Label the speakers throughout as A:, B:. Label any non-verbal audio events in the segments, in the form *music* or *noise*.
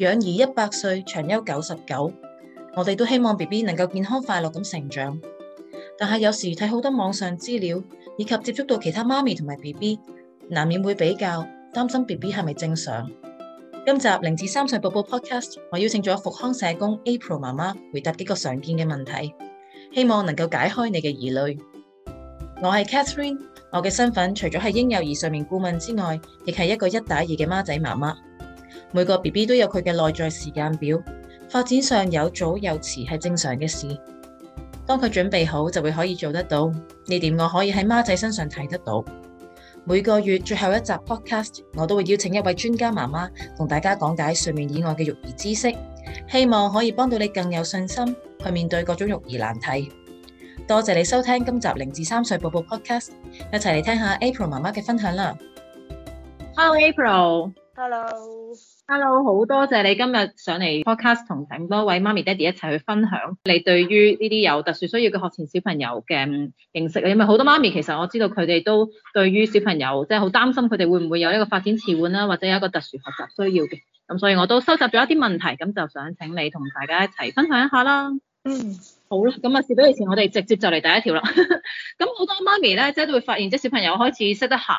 A: 養兒一百歲，長憂九十九。我哋都希望 B B 能夠健康快樂咁成長，但係有時睇好多網上資料，以及接觸到其他媽咪同埋 B B，難免會比較，擔心 B B 係咪正常。今集零至三歲寶寶 Podcast，我邀請咗復康社工 April 媽媽回答幾個常見嘅問題，希望能夠解開你嘅疑慮。我係 Catherine，我嘅身份除咗係嬰幼兒睡眠顧問之外，亦係一個一打二嘅媽仔媽媽。每個 B B 都有佢嘅內在時間表，發展上有早有遲係正常嘅事。當佢準備好就會可以做得到。呢點我可以喺孖仔身上睇得到。每個月最後一集 podcast，我都會邀請一位專家媽媽同大家講解睡眠以外嘅育兒知識，希望可以幫到你更有信心去面對各種育兒難題。多謝你收聽今集零至三歲寶寶 podcast，一齊嚟聽下 April 媽媽嘅分享啦。Hello，April。Hello。Hello，好多謝你今日上嚟 podcast，同咁多位媽咪爹哋一齊去分享你對於呢啲有特殊需要嘅學前小朋友嘅認識。因為好多媽咪其實我知道佢哋都對於小朋友即係好擔心佢哋會唔會有一個發展遲緩啦，或者有一個特殊學習需要嘅。咁所以我都收集咗一啲問題，咁就想請你同大家一齊分享一下啦。嗯、mm.，好啦，咁啊，事不宜遲，我哋直接就嚟第一條啦。咁 *laughs* 好多媽咪咧，即係都會發現即係小朋友開始識得行。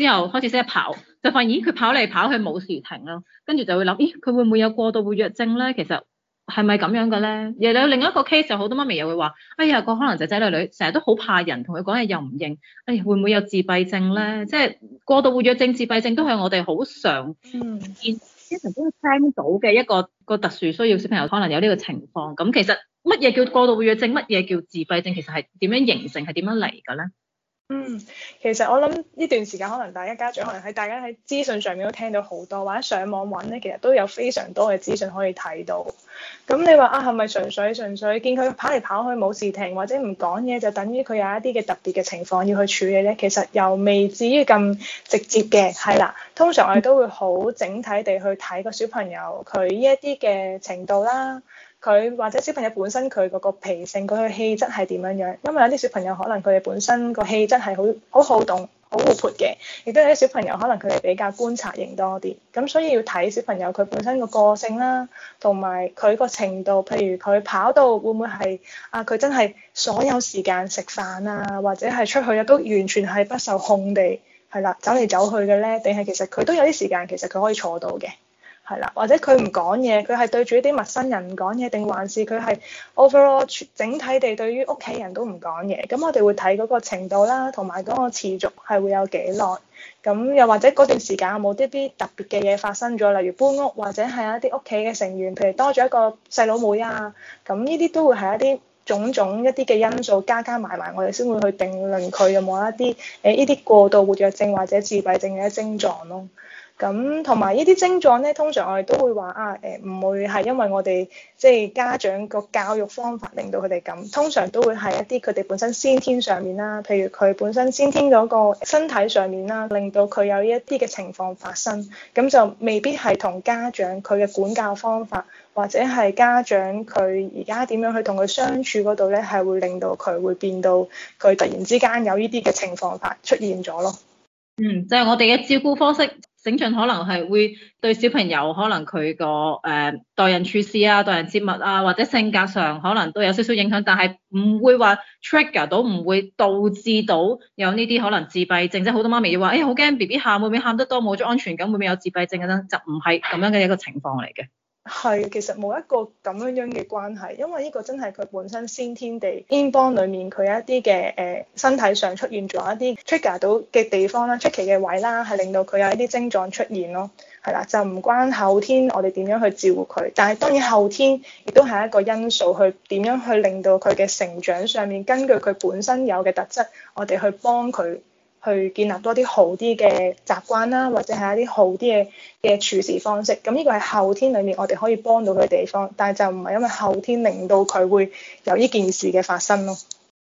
A: 之後開始識得跑，就發現咦佢跑嚟跑去冇時停咯，跟住就會諗咦佢會唔會有過度活躍症咧？其實係咪咁樣嘅咧？又有另一個 case，好多媽咪又會話：哎呀個可能仔仔女女成日都好怕人，同佢講嘢又唔認，哎會唔會有自閉症咧？即係過度活躍症、自閉症都係我哋好常見、經常都聽到嘅一個一個特殊需要小朋友可能有呢個情況。咁其實乜嘢叫過度活躍症？乜嘢叫自閉症？其實係點樣形成？係點樣嚟嘅咧？
B: 嗯，其實我諗呢段時間可能大家家長可能喺大家喺資訊上面都聽到好多，或者上網揾呢，其實都有非常多嘅資訊可以睇到。咁你話啊，係咪純粹純粹見佢跑嚟跑去冇時停，或者唔講嘢，就等於佢有一啲嘅特別嘅情況要去處理呢？其實又未至於咁直接嘅，係啦。通常我哋都會好整體地去睇個小朋友佢呢一啲嘅程度啦。佢或者小朋友本身佢嗰個脾性，佢個氣質係點樣樣？因為有啲小朋友可能佢哋本身個氣質係好好好動、好活潑嘅，亦都有啲小朋友可能佢哋比較觀察型多啲。咁所以要睇小朋友佢本身個個性啦，同埋佢個程度。譬如佢跑到會唔會係啊？佢真係所有時間食飯啊，或者係出去啊，都完全係不受控地係啦，走嚟走去嘅咧。定係其實佢都有啲時間，其實佢可以坐到嘅。係啦，或者佢唔講嘢，佢係對住啲陌生人唔講嘢，定還是佢係 overall 整體地對於屋企人都唔講嘢？咁我哋會睇嗰個程度啦，同埋嗰個持續係會有幾耐。咁又或者嗰段時間有冇啲啲特別嘅嘢發生咗，例如搬屋，或者係一啲屋企嘅成員，譬如多咗一個細佬妹啊。咁呢啲都會係一啲種種一啲嘅因素，加加埋埋，我哋先會去定論佢有冇一啲誒呢啲過度活躍症或者自閉症嘅症狀咯。咁同埋呢啲症狀咧，通常我哋都會話啊，誒唔會係因為我哋即係家長個教育方法令到佢哋咁，通常都會係一啲佢哋本身先天上面啦，譬如佢本身先天嗰個身體上面啦，令到佢有一啲嘅情況發生，咁就未必係同家長佢嘅管教方法或者係家長佢而家點樣去同佢相處嗰度咧，係會令到佢會變到佢突然之間有呢啲嘅情
A: 況發出現咗咯。嗯，就係我哋嘅照顧方式。整盡可能係會對小朋友可能佢個誒待人處事啊、待人接物啊或者性格上可能都有少少影響，但係唔會話 trigger 到，唔會導致到有呢啲可能自閉症。即係好多媽咪要話，誒好驚 BB 喊，會唔會喊得多冇咗安全感會唔會有自閉症嘅咧？就唔係咁樣嘅一個情況嚟嘅。
B: 係，其實冇一個咁樣樣嘅關係，因為呢個真係佢本身先天地英 n b 裏面佢有一啲嘅誒身體上出現咗一啲 trigger 到嘅地方啦，出奇嘅位啦，係令到佢有一啲症狀出現咯。係啦，就唔關後天我哋點樣去照顧佢，但係當然後天亦都係一個因素去點樣去令到佢嘅成長上面，根據佢本身有嘅特質，我哋去幫佢。去建立多啲好啲嘅習慣啦，或者係一啲好啲嘅嘅處事方式。咁呢個係後天裡面我哋可以幫到佢嘅地方，但係就唔係因為後天令到佢會有呢件事嘅發生咯。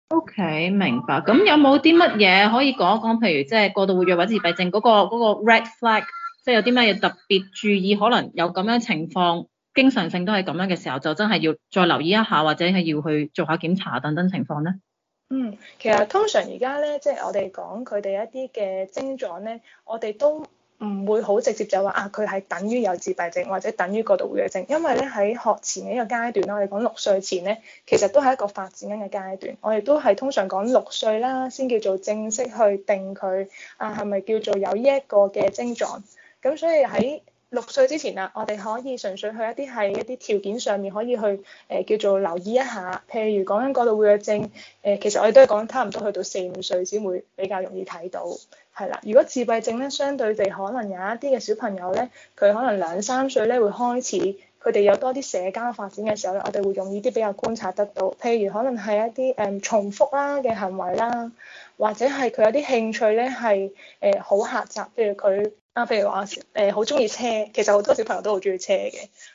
A: OK，明白。咁有冇啲乜嘢可以講一講？譬如即係過度活躍或者自閉症嗰、嗰個 red flag，即係有啲乜嘢特別注意？可能有咁樣情況，經常性都係咁樣嘅時候，就真係要再留意一下，或者係要去做下檢查等等情況咧。
B: 嗯，其實通常而家咧，即係我哋講佢哋一啲嘅症狀咧，我哋都唔會好直接就話啊，佢係等於有自閉症或者等於過度活躍症，因為咧喺學前嘅一個階段啦，我哋講六歲前咧，其實都係一個發展緊嘅階段，我哋都係通常講六歲啦，先叫做正式去定佢啊，係咪叫做有呢一個嘅症狀？咁所以喺六歲之前啊，我哋可以純粹去一啲係一啲條件上面可以去誒、呃、叫做留意一下，譬如講緊過度活躍症，誒、呃、其實我哋都係講差唔多去到四五歲先會比較容易睇到，係啦。如果自閉症咧，相對地可能有一啲嘅小朋友咧，佢可能兩三歲咧會開始，佢哋有多啲社交發展嘅時候咧，我哋會容易啲比較觀察得到。譬如可能係一啲誒、嗯、重複啦嘅行為啦，或者係佢有啲興趣咧係誒好狹窄，譬如佢。啊，譬如話誒好中意車，其實好多小朋友都好中意車嘅，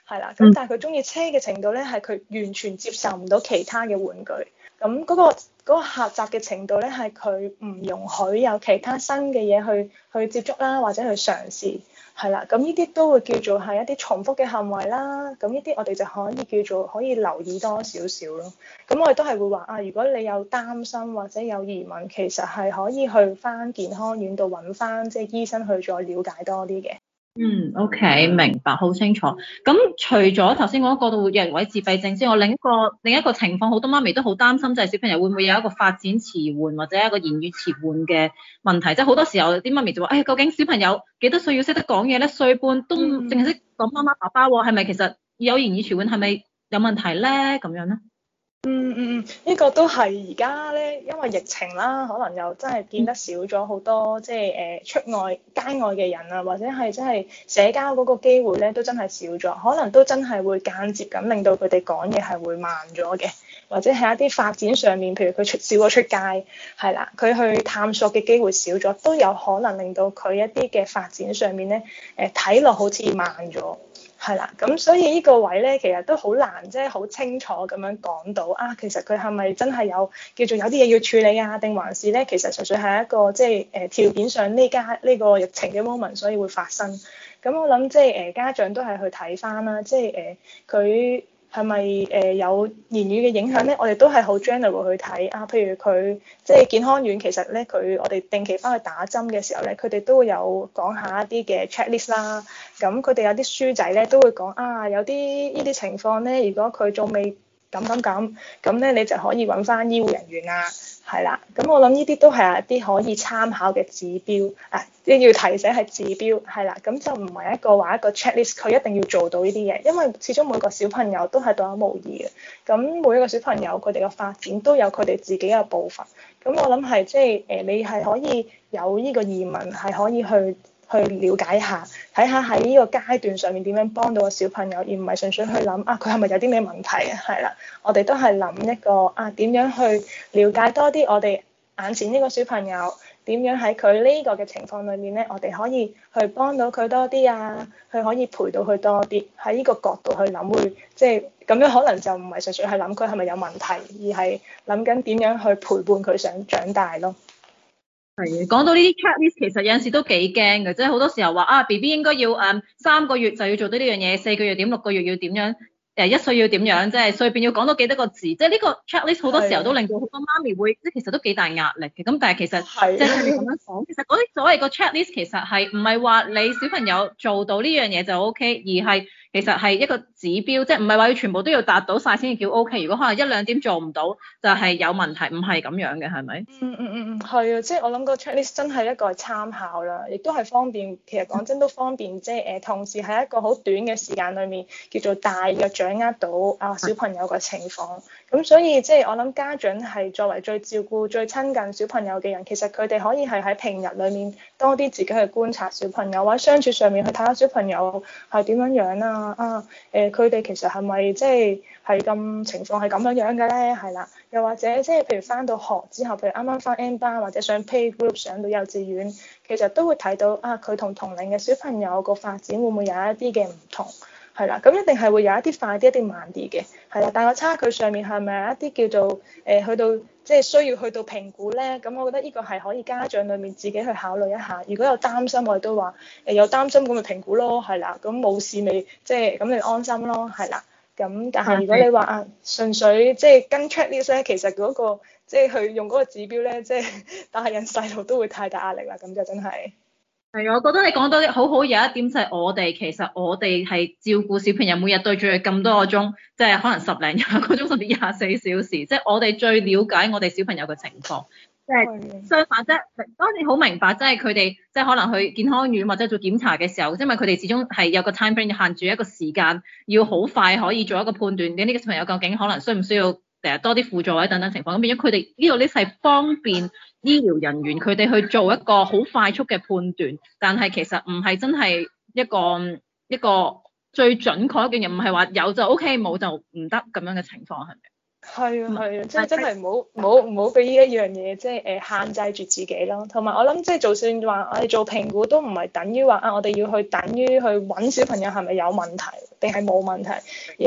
B: 係啦。咁但係佢中意車嘅程度咧，係佢完全接受唔到其他嘅玩具。咁嗰個嗰個狹窄嘅程度咧，係佢唔容許有其他新嘅嘢去去接觸啦，或者去嘗試。係啦，咁呢啲都會叫做係一啲重複嘅行為啦，咁呢啲我哋就可以叫做可以留意多少少咯。咁我哋都係會話啊，如果你有擔心或者有疑問，其實係可以去返健康院度揾返即係醫生去再了解多啲嘅。
A: 嗯，OK，明白，好清楚。咁除咗頭先講過度活躍同自閉症之外，另一個另一個情況，好多媽咪都好擔心，就係小朋友會唔會有一個發展遲緩或者一個言語遲緩嘅問題。即係好多時候啲媽咪就話：，誒、哎，究竟小朋友幾多歲要識得講嘢咧？歲半都淨係識講媽媽、爸爸，係咪其實有言語遲緩，係咪有問題咧？咁樣咧？
B: 嗯嗯嗯，呢個都係而家咧，因為疫情啦，可能又真係見得少咗好多，即係誒出外街外嘅人啊，或者係真係社交嗰個機會咧，都真係少咗，可能都真係會間接咁令到佢哋講嘢係會慢咗嘅，或者係一啲發展上面，譬如佢出少咗出街，係啦，佢去探索嘅機會少咗，都有可能令到佢一啲嘅發展上面咧，誒睇落好似慢咗。係啦，咁所以呢個位咧，其實都好難，即係好清楚咁樣講到啊，其實佢係咪真係有叫做有啲嘢要處理啊？定還是咧，其實純粹係一個即係誒條件上呢家呢個疫情嘅 moment，所以會發生。咁我諗即係誒家長都係去睇返啦，即係誒佢。呃係咪誒有言語嘅影響咧？我哋都係好 general 去睇啊。譬如佢即係健康院，其實咧佢我哋定期翻去打針嘅時候咧，佢哋都會有講下一啲嘅 checklist 啦。咁佢哋有啲書仔咧都會講啊，有啲呢啲情況咧，如果佢仲未。咁咁咁，咁咧你就可以揾翻醫護人員啊，係啦。咁我諗呢啲都係一啲可以參考嘅指標，啊，都要提醒係指標，係啦。咁就唔係一個話一個 checklist，佢一定要做到呢啲嘢，因為始終每個小朋友都係獨一無二嘅。咁每一個小朋友佢哋嘅發展都有佢哋自己嘅步伐。咁我諗係即係誒，你係可以有呢個疑問，係可以去。去了解下，睇下喺呢個階段上面點樣幫到個小朋友，而唔係純粹去諗啊，佢係咪有啲咩問題？係啦，我哋都係諗一個啊，點樣去了解多啲我哋眼前呢個小朋友點樣喺佢呢個嘅情況裡面呢，我哋可以去幫到佢多啲啊，佢可以陪到佢多啲，喺呢個角度去諗會，即係咁樣可能就唔係純粹去諗佢係咪有問題，而係諗緊點樣去陪伴佢想長大咯。
A: 講到呢啲 checklist 其實有陣時都幾驚嘅，即係好多時候話啊 B B 應該要誒、嗯、三個月就要做到呢樣嘢，四個月點，六個月要點樣誒、呃、一歲要點樣，即係以便要講到幾多個字，即係呢個 checklist 好多時候都令到好多媽咪會即係的其實都幾大壓力嘅。咁但係其實即係你咁樣講，其實嗰啲所謂個 checklist 其實係唔係話你小朋友做到呢樣嘢就 O、OK, K，而係。其實係一個指標，即係唔係話要全部都要達到晒先叫 OK。如果可能一兩點做唔到，就係、是、有問題，唔係咁樣嘅，係咪、嗯？嗯嗯嗯嗯，
B: 係啊，即係我諗個 checklist 真係一個參考啦，亦都係方便。其實講真都方便，即係誒，同時喺一個好短嘅時間裡面叫做大約掌握到啊小朋友嘅情況。咁的所以即係我諗家長係作為最照顧、最親近小朋友嘅人，其實佢哋可以係喺平日裡面多啲自己去觀察小朋友或者相處上面去睇下小朋友係點樣樣啦。啊啊，誒、呃，佢哋其實係咪即係係咁情況？係咁樣樣嘅咧？係啦，又或者即係譬如翻到學之後，譬如啱啱翻 N 班，或者上 playgroup 上到幼稚園，其實都會睇到啊，佢同同齡嘅小朋友個發展會唔會有一啲嘅唔同？係啦，咁一定係會有一啲快啲，一定慢啲嘅，係啦。但個差距上面係咪有一啲叫做誒、呃、去到即係、就是、需要去到評估咧？咁我覺得呢個係可以家長裡面自己去考慮一下。如果有擔心我，我哋都話誒有擔心咁咪評估咯，係啦。咁冇事咪即係咁你安心咯，係啦。咁但係如果你話啊，純粹即係、就是、跟 check 呢啲咧，其實嗰、那個即係去用嗰個指標咧，即係大人細路都會太大壓力啦，咁就真係。
A: 係，我覺得你講多啲好好，有一點就係我哋其實我哋係照顧小朋友，每日對住佢咁多個鐘，即係可能十零廿個鐘甚至廿四小時，即係我哋最了解我哋小朋友嘅情況。即係相反即係，當你好明白，即係佢哋即係可能去健康院或者做檢查嘅時候，因為佢哋始終係有個 time plan 限住一個時間，要好快可以做一個判斷，咁呢個小朋友究竟可能需唔需要誒多啲輔助啊等等情況。咁變咗佢哋呢度呢係方便， *laughs* 醫療人員佢哋去做一個好快速嘅判斷，但係其實唔係真係一個一個最準確嘅嘢，唔係話有就 OK，冇就唔得咁樣嘅情況係咪？係啊
B: 係啊，即係真係唔好唔好唔好俾呢一樣嘢即係誒限制住自己咯。同埋我諗即係就算話我哋做評估都唔係等於話啊，我哋要去等於去揾小朋友係咪有問題定係冇問題，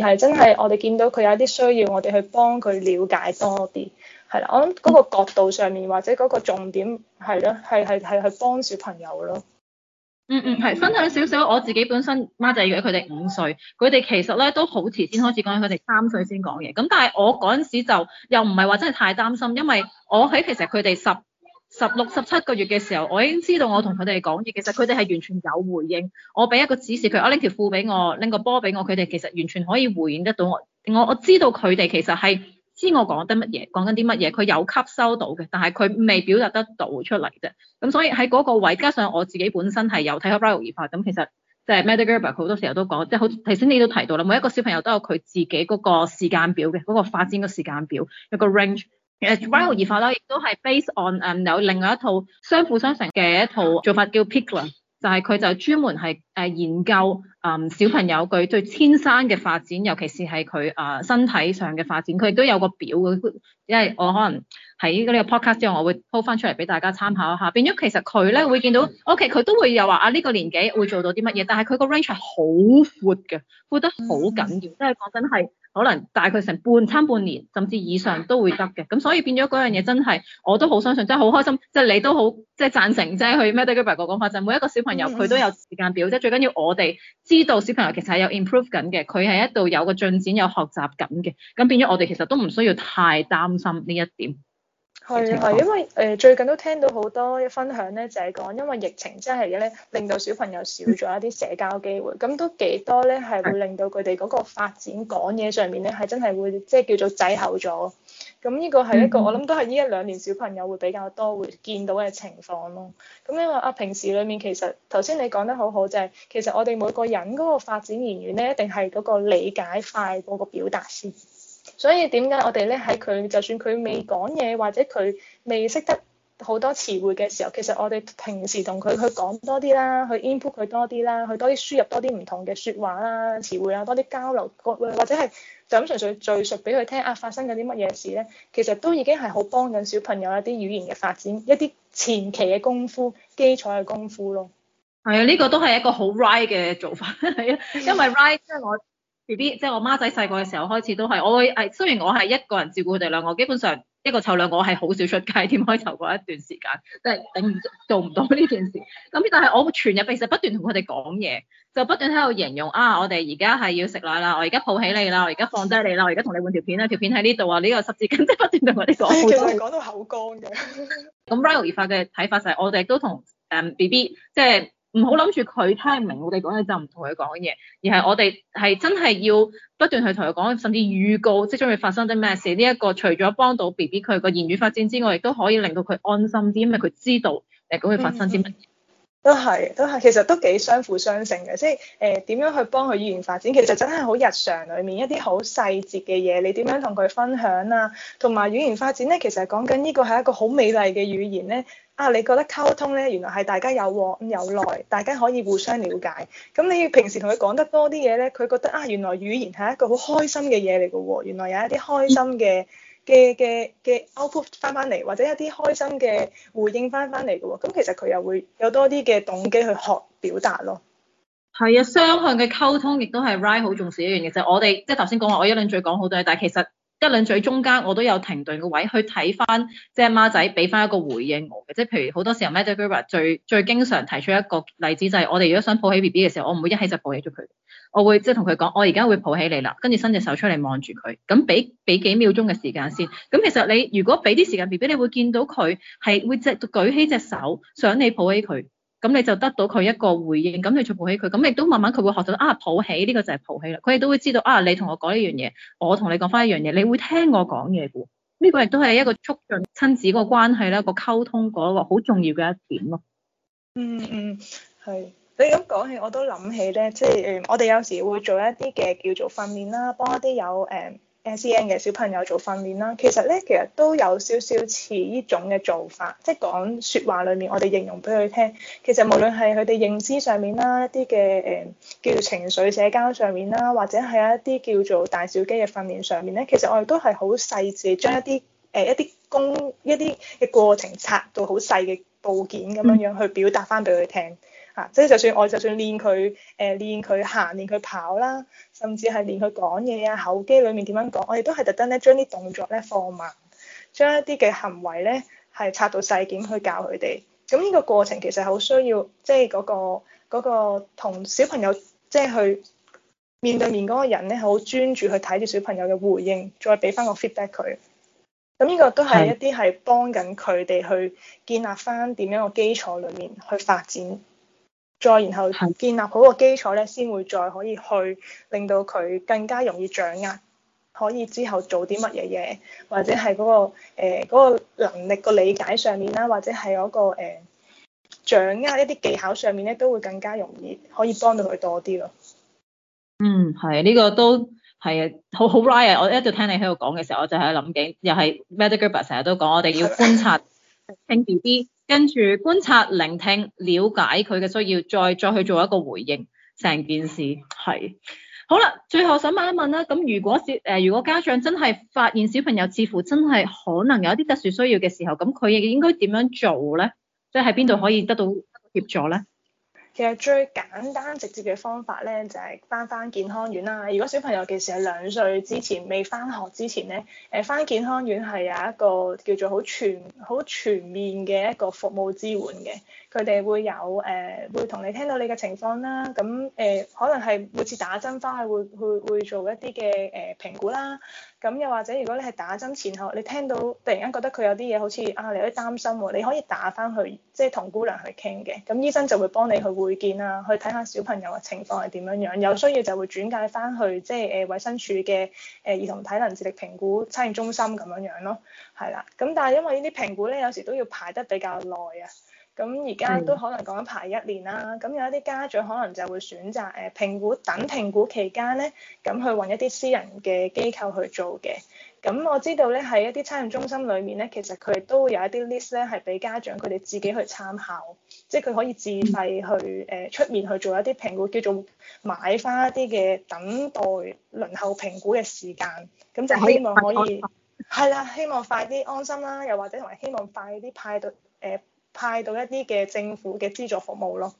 B: 而係真係我哋見到佢有啲需要，我哋去幫佢了解多啲。係啦，我諗嗰個角度上面或者嗰個重點係咯，係係係去幫小朋友咯。
A: 嗯嗯，係、嗯、分享少少我自己本身孖仔如佢哋五歲，佢哋其實咧都好遲先開始講，佢哋三歲先講嘢。咁但係我嗰陣時就又唔係話真係太擔心，因為我喺其實佢哋十十六十七個月嘅時候，我已經知道我同佢哋講嘢，其實佢哋係完全有回應。我俾一個指示佢，我拎條褲俾我，拎個波俾我，佢哋其實完全可以回應得到我。我我知道佢哋其實係。知我講得乜嘢，講緊啲乜嘢，佢有吸收到嘅，但係佢未表達得到出嚟啫。咁所以喺嗰個位，加上我自己本身係有睇過 r i u k y u 化，咁、e、其實就係 Magda Gerber 好多時候都講，即係好，頭先你都提到啦，每一個小朋友都有佢自己嗰個時間表嘅，嗰、那個發展嘅時間表，有、那個 range。 *laughs* r i u k y u 化咧，亦、e、都係 based on 誒、um, 有另外一套相輔相成嘅一套做法，叫 Pikler，就係佢就專門係誒研究。啊、嗯，小朋友佢對天生嘅發展，尤其是係佢啊身體上嘅發展，佢亦都有個表嘅。因為我可能喺呢個 podcast 之後，我會 po 翻出嚟俾大家參考一下。變咗其實佢咧會見到，OK，佢都會有話啊呢、呢個年紀會做到啲乜嘢，但係佢個 range 係好闊嘅，闊得好緊要，即係講真係。可能大概成半餐半年甚至以上都會得嘅，咁所以變咗嗰樣嘢真係我都好相信，真係好開心，即係你都好即係贊成，即係去 Matthew Gilbert 個講法就係每一個小朋友佢都有時間表， *laughs* 即係最緊要我哋知道小朋友其實係有 improve 緊嘅，佢係一度有個進展有學習緊嘅，咁變咗我哋其實都唔需要太擔心呢一點。
B: 係啊，係因為誒、呃、最近都聽到好多分享咧，就係、是、講因為疫情真係咧，令到小朋友少咗一啲社交機會，咁、嗯、都幾多咧係會令到佢哋嗰個發展講嘢、嗯、上面咧係真係會即係、就是、叫做滯後咗。咁呢個係一個、嗯、我諗都係呢一兩年小朋友會比較多會見到嘅情況咯。咁因為啊平時裡面，其實頭先你講得好好就係、是，其實我哋每個人嗰個發展言語咧，一定係嗰個理解快過個表達先。所以點解我哋咧喺佢就算佢未講嘢或者佢未識得好多詞彙嘅時候，其實我哋平時同佢去講多啲啦，去 input 佢多啲啦，去多啲輸入多啲唔同嘅説話啦、詞彙啊，多啲交流或者係就咁純粹敍述俾佢聽啊發生緊啲乜嘢事咧，其實都已經係好幫緊小朋友一啲語言嘅發展，一啲前
A: 期嘅功夫、基礎嘅功夫咯。係啊、嗯，呢、這個都係一個好 right 嘅做法係啊， *laughs* 因為 right 即係我。B B 即係我媽仔細個嘅時候開始都，我會係雖然我係一個人照顧佢哋兩個，基本上一個湊兩個我係好少出街，點可以湊過一段時間？即係頂唔做唔到呢件事。咁但係我全日其實不斷同佢哋講嘢，就不斷喺度形容啊，我哋而家係要食奶啦，我而家抱起你啦，我而家放低你啦，我而家同你換條片啦，條片喺呢度啊，呢、呢個十字筋即係不斷同佢哋講。係， *laughs* *laughs* 其實
B: 係
A: 講到口乾嘅。咁 Ryley 發嘅睇法就係、係、我哋都同誒 B B 即係。唔好諗住佢聽唔明，我哋講嘢就唔同佢講嘢，而係我哋係真係要不斷去同佢講，甚至預告即將要發生啲咩事。呢、這、一個除咗幫到 BB 佢個言語發展之外，亦都可以令到佢安心啲，因為佢知道誒會發生啲乜。
B: 都係，都係，其實都幾相輔相成嘅。即係誒點樣去幫佢語言發展，其實真係好日常裏面一啲好細節嘅嘢。你點樣同佢分享啊？同埋語言發展呢，其實講緊呢個係一個好美麗嘅語言呢。啊，你覺得溝通呢，原來係大家有往有來，大家可以互相了解。咁你平時同佢講得多啲嘢呢，佢覺得啊，原來語言係一個好開心嘅嘢嚟㗎喎。原來有一啲開心嘅。嘅嘅嘅 output 翻翻嚟，或者一啲開心嘅回應翻翻嚟嘅喎，咁其實佢又會有多啲嘅動機去學表達咯。
A: 係啊，雙向嘅溝通亦都係 Rye 好重視一樣嘢，就係、是、我哋即係頭先講話，我一輪嘴講好多嘢，但係其實。一輪嘴中間，我都有停頓嘅位去睇翻，即係媽仔俾翻一個回應我嘅。即係譬如好多時候 medical caregiver 最最經常提出一個例子就係、是，我哋如果想抱起 BB 嘅時候，我唔會一喺就抱起咗佢，我會即係同佢講，我而家會抱起你啦，跟住伸隻手出嚟望住佢，咁俾俾幾秒鐘嘅時間先。咁其實你如果俾啲時間 BB，你會見到佢係會即舉起隻手想你抱起佢。咁你就得到佢一個回應，咁你再抱起佢，咁亦都慢慢佢會學到，啊抱起呢個就係抱起啦，佢亦都會知道，啊你同我講一樣嘢，我同你講翻一樣嘢，你會聽我講嘢嘅喎，呢個亦都係一個促進親子個關係啦，個溝通嗰個好重要嘅一點咯、嗯。嗯
B: 嗯，係你咁講起，我都諗起咧，即係、嗯、我哋有時會做一啲嘅叫做訓練啦，幫一啲有誒。嗯 S N 嘅小朋友做訓練啦，其實咧，其實都有少少似呢種嘅做法，即係講説話裡面，我哋形容俾佢聽。其實無論係佢哋認知上面啦，一啲嘅誒叫做情緒社交上面啦，或者係一啲叫做大小肌嘅訓練上面咧，其實我哋都係好細緻，將一啲誒、呃、一啲工一啲嘅過程拆到好細嘅部件咁樣樣去表達翻俾佢聽。嚇！即係就算我，就算練佢誒、呃，練佢行，練佢跑啦，甚至係練佢講嘢啊，口機裏面點樣講，我哋都係特登咧，將啲動作咧放慢，將一啲嘅行為咧係拆到細件去教佢哋。咁呢個過程其實好需要，即係嗰個同、嗰個、小朋友即係、即係、去面對面嗰個人咧，好專注去睇住小朋友嘅回應，再俾翻個 feedback 佢。咁呢個都係一啲係幫緊佢哋去建立翻點樣嘅基礎裏面去發展。再然後建立好個基礎咧，先是的 會再可以去令到佢更加容易掌握，可以之後做啲乜嘢嘢，或者係嗰、那個誒、呃那個、能力個理解上面啦，或者係嗰、那個、呃、掌握一啲技巧上面咧，都會更加容易，可以幫到佢多啲咯。嗯，
A: 係，呢、這個都係啊，好好拉啊！我一路聽你喺度講嘅時候，我就喺度諗緊，又係 Medical 博士成日都講，我哋要觀察聽 BB。跟住觀察、聆聽、了解佢嘅需要，再再去做一個回應。成件事係、嗯、好啦。最後想問一問啦，咁如果小誒、呃、如果家長真係發現小朋友似乎真係可能有一啲特殊需要嘅時候，咁佢亦應該點樣做咧？即係喺邊度可以得到協助咧？嗯
B: 其實最簡單直接嘅方法呢，就係返返健康院啦。如果小朋友其實係兩歲之前未返學之前呢，誒返健康院係有一個叫做好全好全面嘅一個服務支援嘅。佢哋會有誒、呃、會同你聽到你嘅情況啦。咁誒、呃、可能係每次打針返去會會會，會做一啲嘅誒評估啦。咁又或者如果你係打針前後你聽到突然間覺得佢有啲嘢好似啊，你有啲擔心喎，你可以打返去即係同姑娘去傾嘅。咁醫生就會幫你去。會見啊，去睇下小朋友嘅情況係點樣樣，有需要就會轉介翻去即係誒衞生署嘅誒、呃、兒童體能智力評估測驗中心咁樣樣咯，係啦。咁但係因為呢啲評估咧，有時都要排得比較耐啊。咁而家都可能講緊排一年啦。咁有一啲家長可能就會選擇誒評估等評估期間咧，咁去揾一啲私人嘅機構去做嘅。咁、嗯、我知道咧，喺一啲測驗中心裏面咧，其實佢哋都有一啲 list 咧，係俾家長佢哋自己去參考，即係佢可以自費去誒、呃、出面去做一啲評估，叫做買翻一啲嘅等待輪候評估嘅時間，咁就希望可以係 *music* 啦，希望快啲安心啦，又或者同埋希望快啲派到誒、呃、派到一啲嘅政府嘅資助服務咯。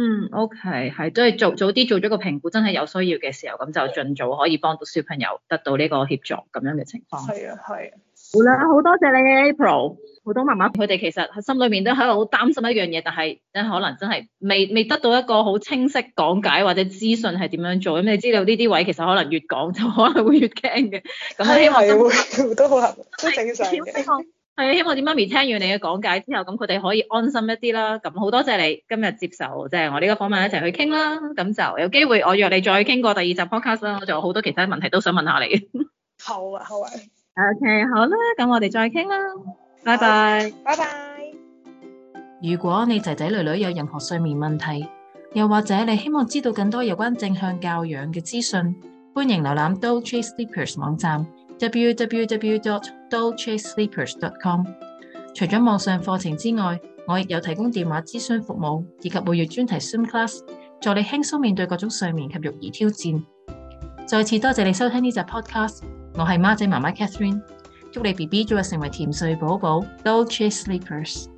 A: 嗯，OK，係，都係做早啲做咗個評估，真係有需要嘅時候，咁就盡早可以幫到小朋友得到呢個協助咁樣嘅情況。係啊，係啊，好啦，好多謝你 April，好多媽媽佢哋其實心裏面都喺度好擔心一樣嘢，但係因為可能真係未未得到一個好清晰講解或者資訊係點樣做，咁你知道呢啲位其實可能越講就可能會越驚嘅，咁希望為都好合、哎、呀都正常、哎。係希望啲媽咪聽完你嘅講解之後，咁佢哋可以安心一啲啦。咁好多謝你今日接受即係、就是、我呢個訪問一齊去傾啦。咁就有機會我約你再傾過第二集 podcast 啦。我仲有好多其他問題都想問下你。好啊，好啊。OK，好啦，咁我哋再傾啦。拜拜好，拜拜 bye。如果你仔仔女女有任何睡眠問題，又或者你希望知道更多有關正向教養嘅資訊，歡迎瀏覽 Doll Tree Sleepers 網站。www.dolcesleepers.com。除咗網上課程之外，我亦有提供電話諮詢服務以及每月專題 zoom class，助你輕鬆面對各種睡眠及育兒挑戰。再次多謝你收聽呢集 podcast，我係孖仔媽媽 Catherine，祝你 BB 早日成為甜睡寶寶，Dolce Sleepers。